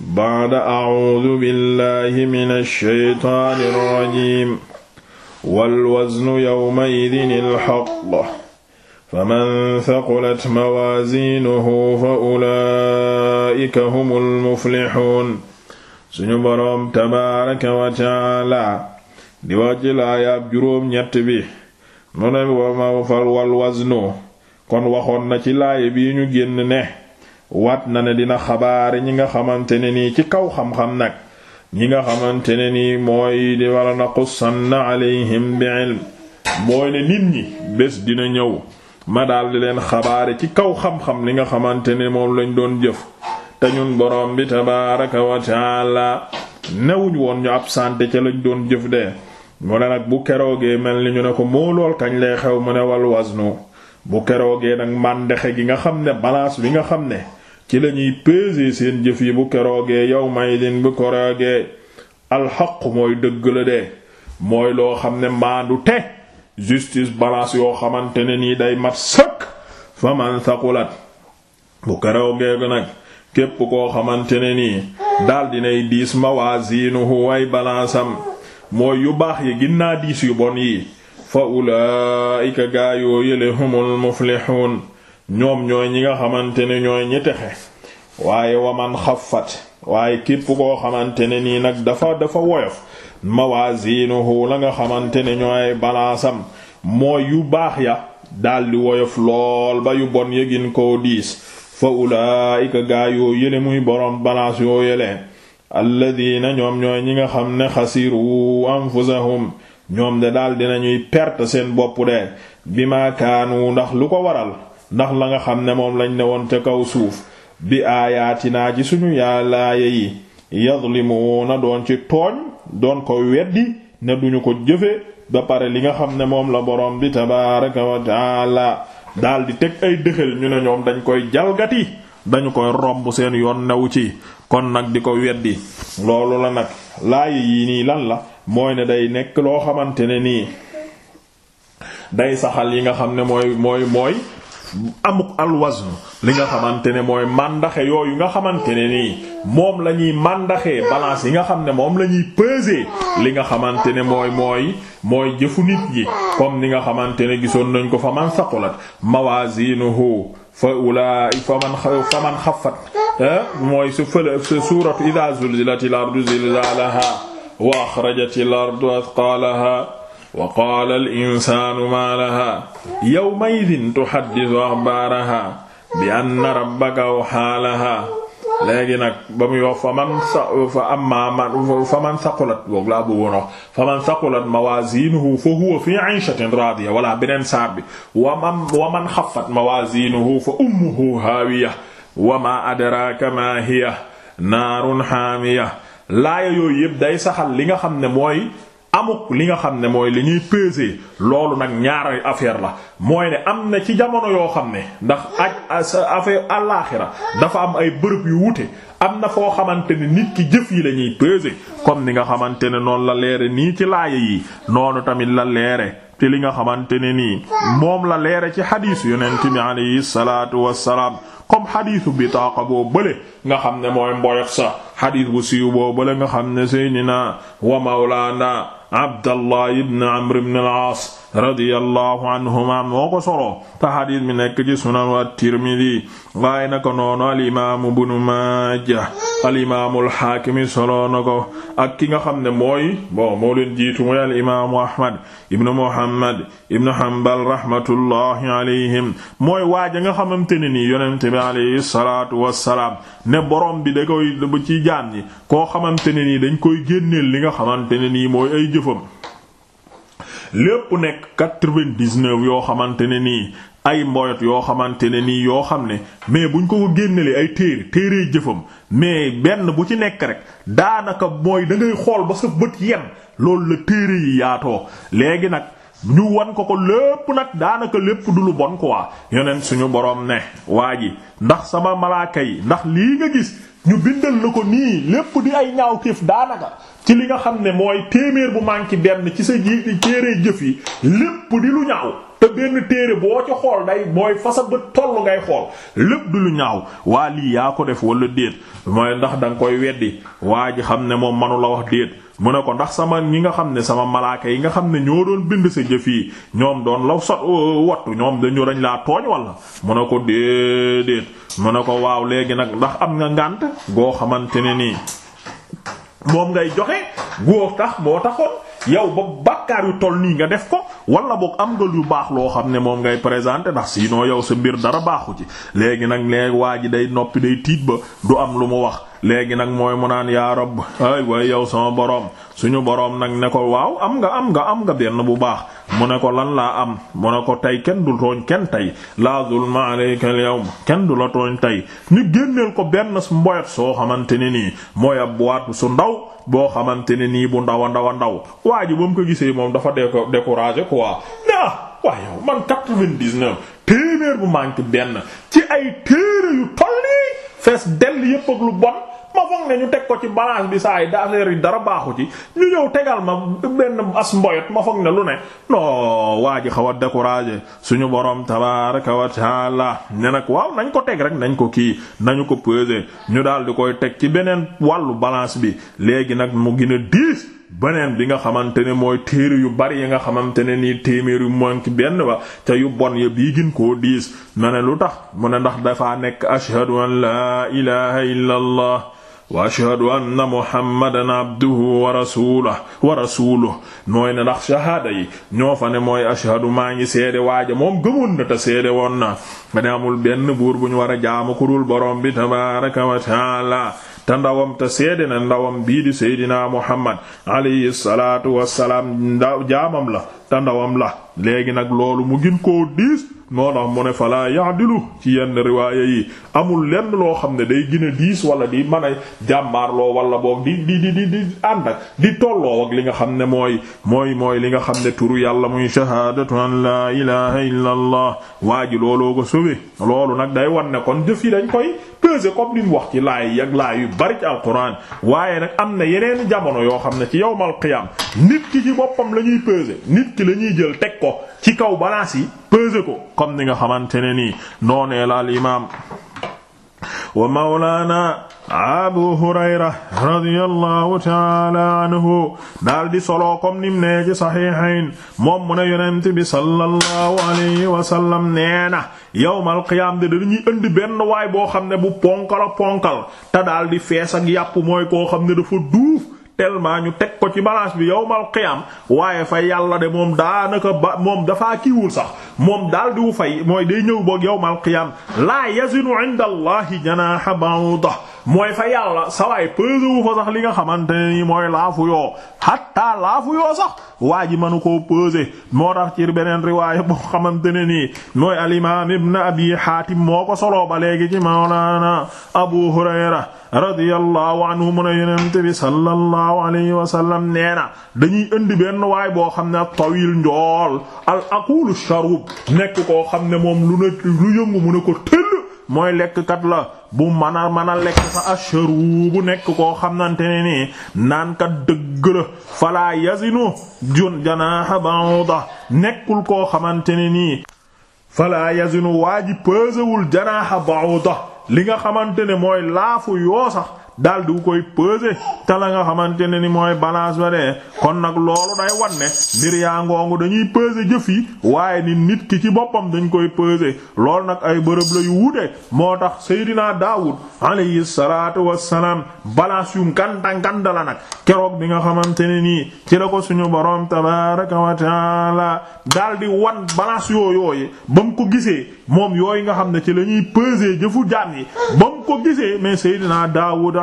baada acuudu billahi min alsheytaani alrajim walwaznu yowmaidin alxaq faman thaqulat mawaaziinuhu fa ulaa'ika hum almuflixuun suñu boroom tabaaraka wa tacaala di wax ci laayaab juróom-ñett bi mu ne wa ma fal walwaznu kon waxoon na ci laaya bii ñu génn ne wat na ne dina xabaare ñi nga xamante ne nii ci kaw xam-xam nag ñi nga xamante ne nii mooy di wala naqussanna alayhim bi ilm mooy ne nit ñi bés dina ñëw ma daal di leen xabaare ci kaw xam-xam li nga xamante ne moom lañ doon jëf te ñun borom bi tabaaraka wa newuñu woon ñu absenté ca lañ doon jëf de mu ne nag bu keroogee mel ni ñu ne ko moo lool kañ lay xew mu ne wal wasnu bu keroogee nag màndexe gi nga xam ne balance bi nga xam ne ci lañuy peser seen jëf yi bu keroogee yawma idin bu keroogee alxaq mooy dëgg la de mooy loo xam ne maandu te justice balance yoo xamante ne nii day mat sëkk fa man thaqulat bu keroogee ko nag képp koo xamante ne nii daldi nay diis mawazinuhu way balance am mooy yu baax yi ginnaa diis yu bon yi fa ulaa'ika gaayoo yële humul muflihun ñoom ñooy ñi nga xamante ne ñooy ñi texe waaye waman xaffat waaye képp koo xamante ne nii nag dafa dafa woyof mawazinuhu la nga xamante ne ñooy balaasam mooy yu baax ya daldi woyof lool ba yu bon yëgin koo diis fa ulaayika gaa yoo yële muy borom balaas yoo yële alladina ñoom ñooy ñi nga xam ne xasiru anfusahum ñoom de daldi nañuy perte seen bopp de bi ma kaanu ndax lu ko waral ndax la nga xam ne moom lañ ne woon ca kaw suuf bi aayaatinaa ci suñu yàllaaye yi yadlimuuna doon ci tooñ doon ko weddi ne duñu ko jëfe ba pare li nga xam ne moom la borom bi tabaaraka wa taala daldi teg ay dëxël ñu ne ñoom dañ koy jalgati dañu koy romb seen yoon newu ci kon nag di ko weddi loolu la nag laay yii nii lan la mooy ne day nekk loo xamante ne nii day saxal yi nga xam ne mooy mooy mooy amuk alwazn li nga xamante ne mooy màndaxe yooyu nga xamante ne nii moom la ñuy màndaxee balance yi nga xam ne moom la ñuy peser li nga xamante ne mooy mooy mooy jëfu nit yi comme ni nga xamante ne gisoon nañ ko fa man saqulat mawazinuhu fa ulai fa man fa xafat eh, mooy su fële sa suuratu idha zulzilatil ardu zilzalaha wa akhrajatil ardu athqalaha wa qaala al insaanu maa lahaa yawmaydin tuhaddisu axbaarahaa bi anna rabbaka awhaa lahaa léegi nag ba muy wax fa man fa amma man fa man saqulat boog laa bëggoon wax fa man saqulat mawaaziinuhu fa huwa fii 'ishatin raadiya wala beneen saar bi wa man wa man xaffat mawaaziinuhu fa ummuhu haawiya wa maa adraaka maa hiya naarun haamiya laaya yooyu yëpp day saxal li nga xam ne mooy amuk li nga xam ne mooy li ñuy peser loolu nag ñaari affaire la mooy ne am na ci jamono yoo xam ne ndax aj affaire alaaxira dafa am ay bërëb yu wuute am na foo xamante ne nit ki jëf yi la ñuy peser comme ni nga xamante ne noonu la leere nii ci laaya yi noonu tamit la leere te li nga xamante ne nii moom la leere ci xadiis yonent bi alayhi salaatu wassalaam comme xadiisu bitaaqa boo bële nga xam ne mooy mboyof sa xadiis bu siiw boo bële nga xam ne seydinaa wa mawlaana Abdallah ibn Amr ibn al-As radiyallahu anhuma moo ko soloo te xadiis bi nekk ci sunan at-Tirmidi waaye naka noonu alimaamu Ibnu Maaja alimaamul Haakimi soloo na ko ak ki nga xam ne mooy bon moo leen jiitu mooy alimaamu Ahmad ibnu Muhammad ibnu Hanbal rahmatullahi alayhim waaja nga xamante ne ni yonent bi alayhi salaatu wassalaam ne borom bi da koy ci jaam ñi koo xamante ne nii dañ koy génneel li nga xamante ne ni mooy ay jëfam lépp nekk quatre-vingt-dix-neuf yoo xamante ne nii ay mboyot yoo xamante ne nii yoo xam ne mais buñ ko ko génnelee ay téere téere jëfam mais benn bu ci nekk rek daanaka booy da ngay xool ba sa bët yem loolu la téere yi yaatoo léegi nag ñu wan ko ko lépp nag daanaka lépp du lu bon quoi yeneen suñu borom ne waa ji ndax sama malaaka yi ndax lii nga gis ñu bindal la ko nii lépp di ay ñaawteef daanaka ci li nga xam ne mooy téeméer bu manqué benn ci sa ji téere jëf yi lépp di lu ñaaw te benn téere boo ci xool day mooy fa sa bët ngay xool lépp du lu ñaaw waa lii yaa ko def wala déet mooy ndax danga koy weddi waa ji xam ne moom manu wax déet mu ne ko ndax sama ñi nga xam ne sama malaaka yi xam ne ñoo doon bind sa jëf yi ñoom doon la sot uh, wattu ñoom dañu dañ laa tooñ wala mu ne ko déedéet mu ne ko waaw léegi nag ndax am nga ngànt goo xamante ne nii moom ngay joxe goo tax moo taxoon yow ba bàkkaar yu toll nii nga def ko wala boog am nga yu baax loo xam ne moom ngay présenter ndax sinon yow sa mbir dara baaxu ci léegi nag léegi waa ji day noppi day tiit ba du am lu mu wax léegi nag mooy mu naan yaa rabb ay way yow sama boroom suñu boroom nag ne ko waaw am nga am nga am nga benn bu baax mu ne ko lan laa am mu ne ko tey kenn du tooñ kenn tey laa zulma alayka al kenn du la tooñ tey ñu génneel ko benn mboyat soo xamante ne nii mooy ab su ndaw boo xamante ne nii bu ndaw a ndaw a ndaw waa ji ba mu ko gisee moom dafa découragé quoi ah waaye yow man téeméer bu manqué benn ci ay téere yu toll fees dell yépp ak lu bon ma foog ne ñu teg ko ci balance bi saa yi affaire yi dara baaxu ci ñu ñëw tegal ma benn as mboyot ma foog ne lu ne non waa ji xaw a découragé suñu borom tabaraka wa taala ne nag waaw nañ ko teg rek nañ ko kii nañu ko peser ñu daal di koy teg ci beneen wàllu balance bi léegi nag mu gën a diis beneen bi nga xamante ne mooy téere yu bari yi nga xamante ne nii téeméer yu mank benn wa ca yu bon ya bii gin koo diis na ne lu tax mu ne ndax dafaa nekk ashhadu an laa ilaha illa wa ashhadu anna muhammadan abduhu wa rasuluhu wa rasuluhu mooy ne ndax shahaada yi ñoo fa ne mooy ashhadu maa ngi seede waaja moom gëmoon na te seede woon na ma ne amul benn buur bu ñu war a jaamu ku dul borom bi tabaaraka wa taala te ndawam te seede na ndawam bii di seydina muhammad alayhi salaatu wassalaam jaamam la te ndawam la léegi nag loolu mu gën koo moo tax fa ne falaa yaadilu ci yenn riwaaya yi amul lenn loo xam ne day gën a diis wala di mën a jàmmaarloo wala boog di di di di di ànd ak di tolloo li nga xam ne mooy mooy mooy li nga xam ne turu yàlla muy shahaadatu an la ilaha illa allah waa ji looloo ko sobe loolu nag day wan ne kon jëf yi dañ koy peser comme li mu wax ci laay yi laay yu bari ci alquran waaye nag am na yeneen jamono yoo xam ne ci yawmal qiyam nit ki ci boppam la ñuy nit ki la ñuy jël teg ko ci kaw balance yi peser ko comme ni nga xamante ne nii noonee la al imaam wa mawlaana Abu Hurayra radiyallahu ta'ala anhu daal di solo comme nim nee ci saxiixayn moom mu ne yonent bi sallallahu alayhi wa sallam nee na yawmal qiyaam de dañuy indi benn waay boo xam ne bu ponkala ponkal te daal di fees ak yàpp mooy koo xam ne dafa duuf tellement ñu teg ko ci balance bi yawmal qiyam waaye fa yàlla de moom daanaka ba moom dafaa kiiwul sax moom daal wu fay mooy day ñëw boog yawmal qiyam laa yazinu inda allahi janaha ba'udah mooy fa yàlla sa waay peese wu fa sax li nga xamante ne nii mooy laafu yoo hatta laafu yoo sax waa ji mënu koo peese moo tax ci beneen riwaaya boo xamante ne nii mooy al-imaam ibn abi haatim moo ko soloo ba léegi ci mawlaana abu hurayra radiyallahu anhu mu ne yonent bi sallallahu alayhi wa sallam nee na dañuy indi benn waay boo xam ne ak tawil njool al aqulu sharub nekk koo xam ne moom lu ne lu yëngu mu ne ko tëll mooy lekk kat la bu mën a mën a lekk fa ashru bu nekk koo xamante ne nii naan kat dëgg fala yazinu jun janaaha ba'uda nekkul koo xamante ne nii fala yazinu waa ji pesewul janaaha ba'uda li nga xamante ne mooy laafu yoo sax daal du koy peser te la nga xamante ne ni mooy balance ba de kon nag loolu day wan ne mbir yaa ngoongu dañuy peser jëf yi waaye ni nit ki ci boppam dañ koy peser lool nag ay bërëb la yu wuute moo tax Seydina Daawud alayhi wa wassalaam balance yu nganda nganda la nag keroog bi nga xamante ne nii ci la ko suñu borom tabaaraka wa taala daal di wan balance yooyu ba mu ko gisee moom yooyu nga xam ne ci lañuy ñuy jëfu jaam yi ba mu ko gisee mais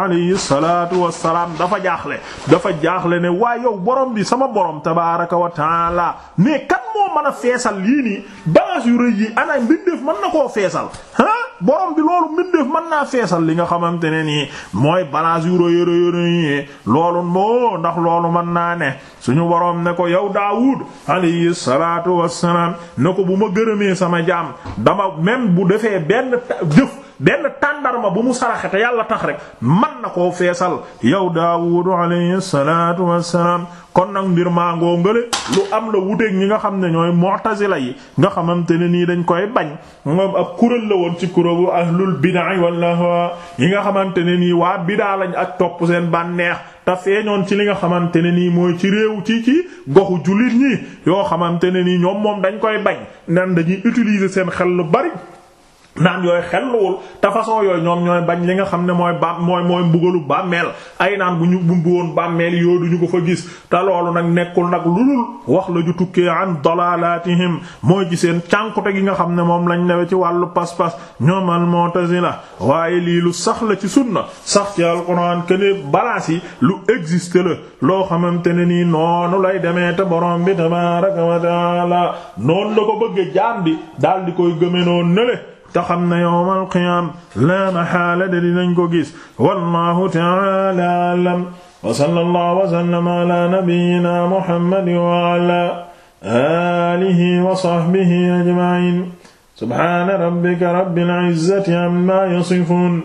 alayhi salaatu wassalaam dafa jaaxle dafa jaaxle ne waaye yow borom bi sama borom tabaaraka wa taala mais kan moo mën a feesal lii nii bagaas yu rëy yi ana mbindeef mën na koo feesal borom bi loolu mbindeef mën naa feesal li nga xamante ne nii mooy balance yu rëy rëy rëy loolu moo ndax loolu mën naa ne suñu borom ne ko yow Daawud alayhi salaatu wassalaam ne ko bu ma gërëmee sama jaam dama même bu defee benn jëf benn tàndarma bu mu saraxe te yàlla tax rek man na koo feesal yow Daawudu alayhi salaatu wassalaam kon nag mbir maa ngoo ngële lu am la wuteeg ñi nga xam ne ñooy mu'tazila yi nga xamante ne nii dañ koy bañ moom kuréel la woon ci kuréelu ahlul bid'a walla yi nga xamante ne nii waa bid'a lañ ak topp bànneex te feeñoon ci li nga xamante ne nii mooy ci réew ci ci goxu jullit yoo xamante ne nii ñoom moom dañ koy bañ nan dañuy utiliser seen xel lu bari naan yooyu xelluwul te façon yooyu ñoom ñooy bañ li nga xam ne mooy ba mooy mooy mbugalu bàmmeel ay naan bu ñu bumbu woon bàmmeel yoo du ñu ko fa gis te loolu nag nekkul nag lulul wax la ju tukkee an dalalatihim mooy ci seen cànkute gi nga xam ne moom lañ newe ci wàllu pas-pas ñoom al mu'tazila waaye lii lu sax la ci sunna sax ci alxuraan kene balance yi lu existe la loo xamante ne nii noonu lay demee te borom bi tabaaraka wa la noonu la ko bëgg jaam bi daal di koy gëme noonu nële te xam na yawmal qiyaam la mahaala de dinañ ko gis wallahu ta'ala a'lam wa sallallahu wa sallama ala nabiyyina muhammad wa ala alihi wa sahbihi ajma'in subhana rabbika rabbil izzati amma yasifun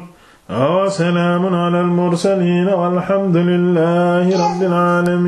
wa salaamun ala al mursalin walhamdulillahi rabbil alamin